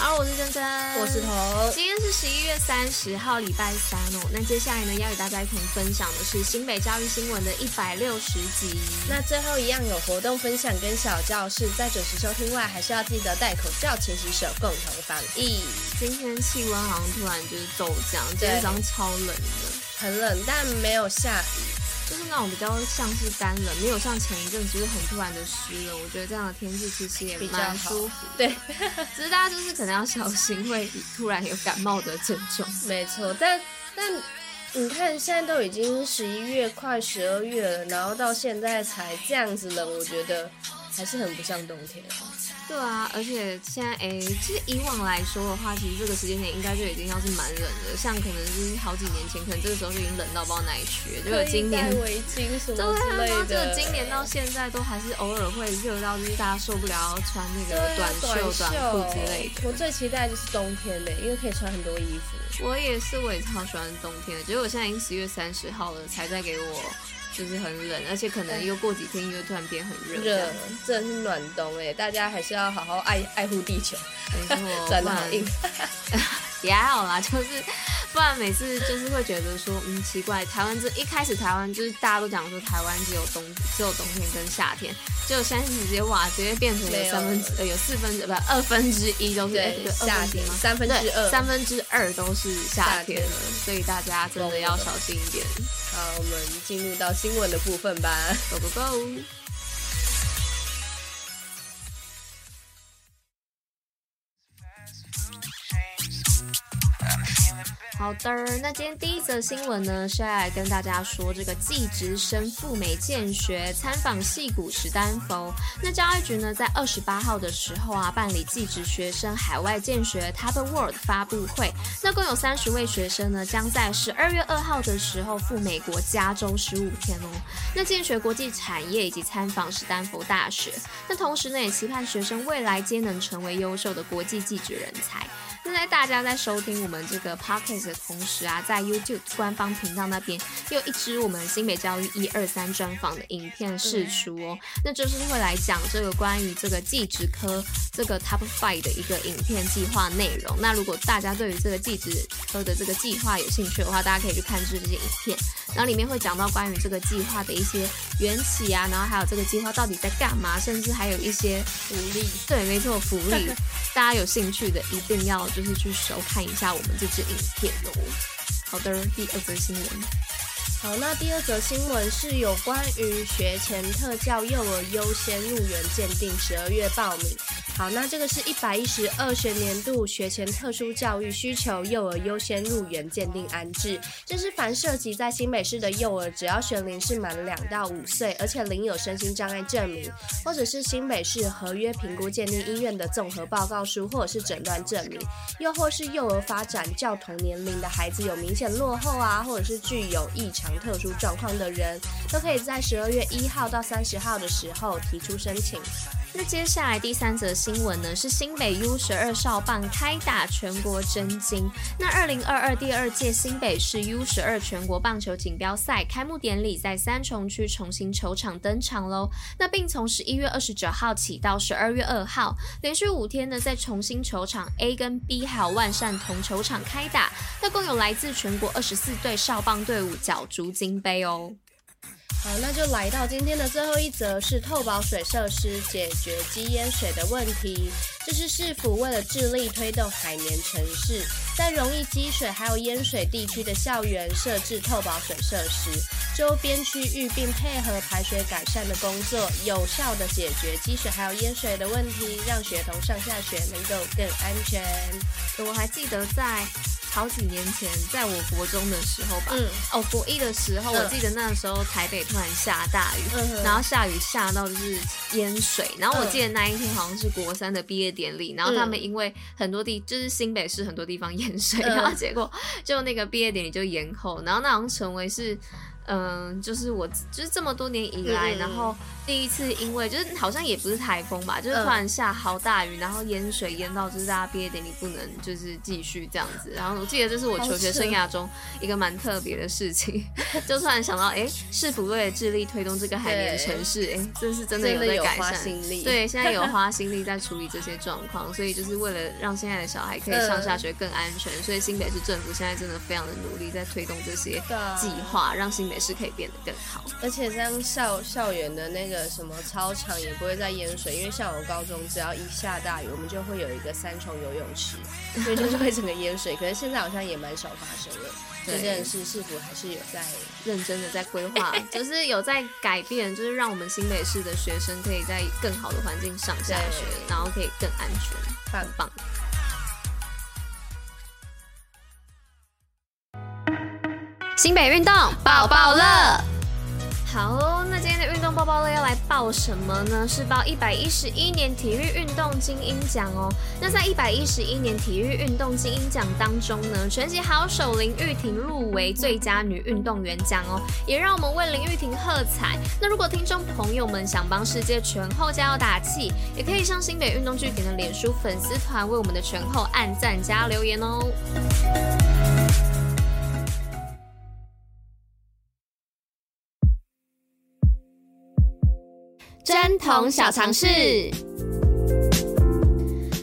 好，我是貞貞，我是童。今天是十一月三十號，禮拜三哦。那接下來呢，要與大家一同分享的是新北教育新聞的一百六十集。那最後一樣有活動分享跟小教室，在準時收聽外，還是要記得戴口罩、勤洗手，共同防疫。今天氣溫好像突然就是驟降，今天早上超冷的，很冷，但沒有下雨。那種比較像是乾冷，沒有像前一陣就是很突然的濕冷。我覺得這樣的天氣其實也比較舒服，對。 只是大家就是可能要小心，會突然有感冒的症狀。沒錯，但但你看現在都已經十一月快十二月了，然後到現在才這樣子冷，我覺得。還是很不像冬天，啊，對啊，而且現在哎、欸，其實以往來說的話，其實這個時間點應該就已經要是蠻冷的，像可能就是好幾年前，可能這個時候就已經冷到爆奶靴，就是今年，對啊，就今年到現在都還是偶爾會熱到就是大家受不了要穿那個短袖，啊、短褲之類的。我最期待的就是冬天嘞，欸，因為可以穿很多衣服。我也是，我也超喜歡冬天的，結果我現在已經十月三十號了才在給我。就是很冷，而且可能又過幾天又突然變很熱。熱，真的是暖冬哎、欸！大家還是要好好愛愛護地球。然後不然 很 也還好啦，就是不然每次就是會覺得說，嗯，奇怪，台灣這一開始台灣就是大家都講說台灣只有冬只有冬天跟夏天，就現在直接哇直接變成有三分之呃有、嗯、有四分之不二分之一都是夏天嗎？三分之二三分之二都是夏天了，所以大家真的要小心一點。懂懂好，我們進入到新聞的部分吧。Go go go! 好的，那今天第一則新聞呢，是要來跟大家說這個技職生赴美見學參訪矽谷、史丹佛。那教育局呢，在二十八號的時候啊，辦理技職學生海外見學 Top World 發布會。那共有三十位學生呢，將在十二月二號的時候赴美國加州十五天哦。那見學國際產業以及參訪史丹佛大學。那同時呢，也期盼學生未來皆能成為優秀的國際技職人才。那在大家在收聽我們這個 podcast 的同時啊，在 YouTube 官方頻道那邊有一支我們新北教育一二三專訪的影片釋出哦、嗯，那就是會來講這個關於這個技職科這個 top five 的一個影片計劃內容。那如果大家對於這個技職科的這個計劃有興趣的話，大家可以去看這些影片，然後裡面會講到關於這個計劃的一些緣起啊，然後還有這個計劃到底在幹嘛，甚至還有一些福利。對，沒錯，福利， 大家有興趣的一定要就是去收看一下我們這支影片哦。好的，第二則新聞。好，那第二則新聞是有關於學前特教幼兒優先入園鑑定，十二月報名。好，那這個是一百一十二學年度學前特殊教育需求幼兒優先入園鑑定安置，這是凡涉及在新北市的幼兒，只要學齡是滿兩到五歲，而且領有身心障礙證明，或者是新北市合約評估鑑定醫院的綜合報告書，或者是診斷證明，又或是幼兒發展較同年齡的孩子有明顯落後啊，或者是具有異常特殊狀況的人，都可以在十二月一號到三十號的時候提出申請。那接下來第三則新聞呢，是新北 U 十二少棒開打全國爭金。那二零二二第二屆新北市 U 十二全國棒球錦標賽開幕典禮在三重區重新球場登場嘍。那並從十一月二十九號起到十二月二號，連續五天呢，在重新球場 A 跟 B 還有萬善同球場開打。那共有來自全國二十四隊少棒隊伍角逐金杯哦。好，那就來到今天的最後一則，是透保水設施解決積淹水的問題。這是市府為了致力推動海綿城市，在容易積水還有淹水地區的校園設置透保水設施，週邊區域並配合排水改善的工作，有效地解決積水還有淹水的問題，讓學童上下學能夠更安全。可我還記得在。好幾年前，在我國中的時候吧，嗯，哦，國一的時候，嗯，我記得那時候台北突然下大雨，嗯，然後下雨下到就是淹水，然後我記得那一天好像是國三的畢業典禮，嗯，然後他們因為很多地就是新北市很多地方淹水，嗯，然後結果就那個畢業典禮就延後，然後那好像成為是。嗯，就是我就是這麼多年以來，嗯、然後第一次因為就是好像也不是颱風吧、嗯，就是突然下好大雨，然後淹水淹到，就是大家畢業典禮不能就是繼續這樣子。然後我記得這是我求學生涯中一個蠻特別的事情， 就突然想到，哎、欸，市府為了致力推動這個海綿城市，哎、欸，這是真的有在改善在。對，現在有花心力在處理這些狀況， 所以就是為了讓現在的小孩可以上下學更安全、嗯，所以新北市政府現在真的非常的努力在推動這些計劃，讓新北。是可以變得更好，而且這樣校校園的那個什麼操場也不會再淹水，因為校友高中，只要一下大雨，我們就會有一個三重游泳池， 所以就是會整個淹水。可是現在好像也蠻少發生了，這件事是否還是有在認真的在規劃， 就是有在改變，就是讓我們新北市的學生可以在更好的環境上下學，然後可以更安全，棒棒。新北運動抱抱樂，好、哦，那今天的運動抱抱樂要來報什麼呢？是報一百一十一年體育運動精英獎哦。那在一百一十一年體育運動精英獎當中呢，拳擊好手林玉婷入圍最佳女運動員獎哦，也讓我們為林玉婷喝彩。那如果聽眾朋友們想幫世界拳後加油打氣，也可以上新北運動據點的臉書粉絲團為我們的拳後按讚加留言哦。童小常識。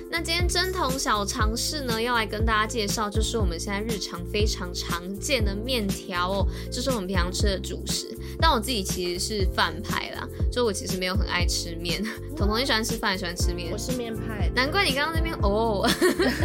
那今天貞童小常識呢，要來跟大家介紹，就是我們現在日常非常常見的麵條哦，就是我們平常吃的主食。但我自己其實是飯派啦，就我其實沒有很愛吃麵。彤彤你喜歡吃飯，也喜歡吃麵？我是麵派，難怪你剛剛那邊哦。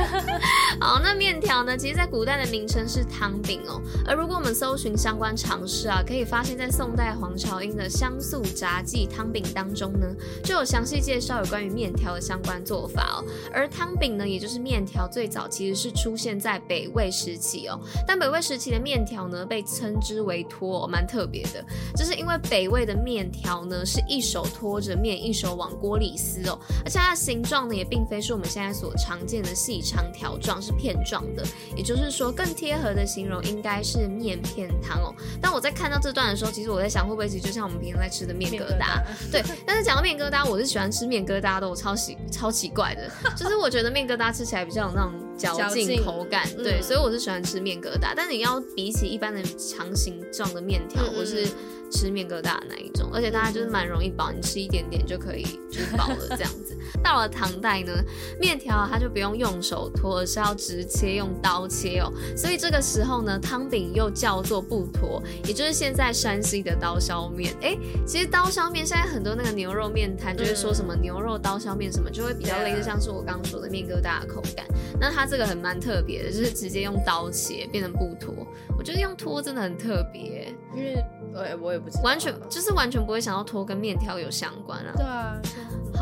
好，那麵條呢，其實，在古代的名稱是湯餅哦。而如果我們搜尋相關常識啊，可以發現在宋代黃朝英的《緗素雜記》湯餅當中呢，就有詳細介紹有關於麵條的相關做法哦。而湯餅呢，也就是麵條，最早其實是出現在北魏時期哦。但北魏時期的麵條呢，被稱之為托，哦，蠻特別的。就是因為北魏的麵條呢，是一手托着麵，一手往鍋裡撕哦，而且它的形狀呢，也並非是我們現在所常見的細長條狀，是片狀的。也就是說，更貼合的形容應該是麵片湯哦。但我在看到這段的時候，其實我在想，會不會其實就像我們平常在吃的麵疙，麵疙瘩？對，但是講到麵疙瘩，我是喜歡吃麵疙瘩的，我超喜超奇怪的，就是我覺得麵疙瘩吃起來比較有那種。嚼勁、口感，對，嗯，所以我是喜歡吃麵疙瘩啊，但是你要比起一般的長形狀的麵條，嗯嗯，我是。吃麵疙瘩的那一種，而且它就是蠻容易飽，你吃一點點就可以就飽了這樣子。到了唐代呢，麵條它就不用用手托，而是要直接用刀切哦。所以這個時候呢，湯餅又叫做不托，也就是現在山西的刀削麵。哎、欸，其實刀削麵現在很多那個牛肉麵攤就會說什麼牛肉刀削麵什麼、嗯，就會比較類似像是我剛剛說的麵疙瘩的口感、啊。那它這個很蠻特別的，就是直接用刀切變成不托。我覺得用托真的很特別、欸，就、嗯、是對，我也不知道，完全就是完全不會想到拖跟麵條有相關啊。對啊。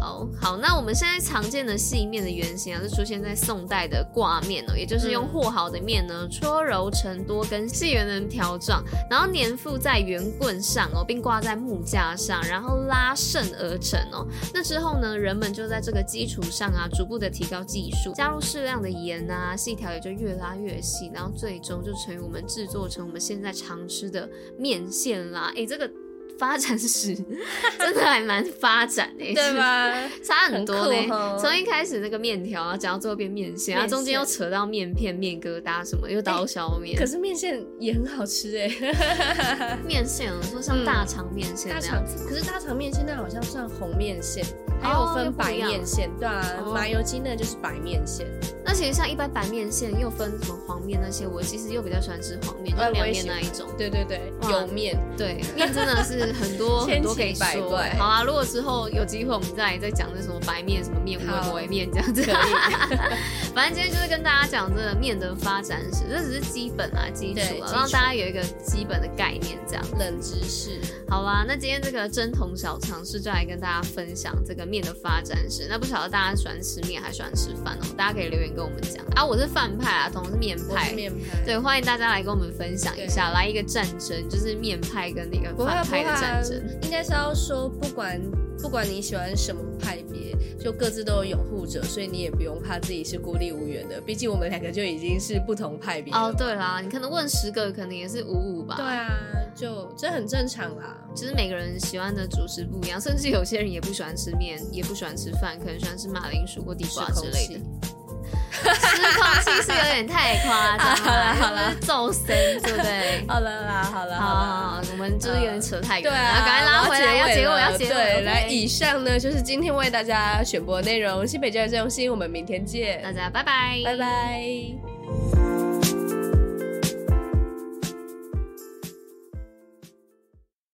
好好，那我們現在常見的細麵的原型，啊，是出現在宋代的掛麵哦，也就是用和好的麵呢，搓揉成多根細圓的條狀，然後粘附在圓棍上哦、喔，並掛在木架上，然後拉伸而成哦、喔。那之後呢，人們就在這個基礎上啊，逐步的提高技術，加入適量的鹽啊，細條也就越拉越細，然後最終就成為我們制作成我們現在常吃的麵線啦。哎、欸，這個。發展史真的還蠻發展的、欸、 對吧？差很多呢、欸。從一開始那個麵條，然後最後變麵線麵線，然後中間又扯到麵片、麵疙瘩什麼，又刀削麵。可是麵線也很好吃哎、欸。麵 線，我說像大腸麵線這樣、嗯，大腸。可是大腸麵線那好像算紅麵線、哦，還有分白麵線。對啊，哦、麻油雞那就是白麵線。而且像一般白面線又分什麼黃面那些，我其實又比較喜歡吃黃面，就、哦、涼面那一種。對對對，油麵，對面真的是很多 很多可以說百百。好啊，如果之後有機會，我們再來再講這什麼白面、什麼面威、不會面這樣子。 反正今天就是跟大家講這個面的發展史，這只是基本啊、基礎啊，讓大家有一個基本的概念這樣。冷知識。好啊，那今天這個貞童小常識就來跟大家分享這個面的發展史。那不曉得大家喜歡吃麵還是喜歡吃飯哦？大家可以留言給。跟我們講啊，我是飯派啊，同是麵派。麵派對，歡迎大家來跟我們分享一下。來一個戰爭，就是麵派跟那個飯派的戰爭。不不應該是要說，不管不管你喜歡什麼派別，就各自都有擁護者，所以你也不用怕自己是孤立無援的。畢竟我們兩個就已經是不同派別哦。對啦，你可能問十個，可能也是五五吧。對啊，就這很正常啦。其實每個人喜歡的主食不一樣，甚至有些人也不喜歡吃麵，也不喜歡吃飯，可能喜歡吃馬鈴薯或地瓜之類的。 失控其實有點太誇張了， 啊、好了，眾、就、深、是、 對不吧對？ 好了啦，好了，啊，我們就是有點扯太遠了、嗯，對啊，趕快拉回來，我要結尾了，要結尾了對，來、okay，以上呢就是今天為大家選播的內容，新北教育最用心，我們明天見，大家拜拜，拜拜。拜拜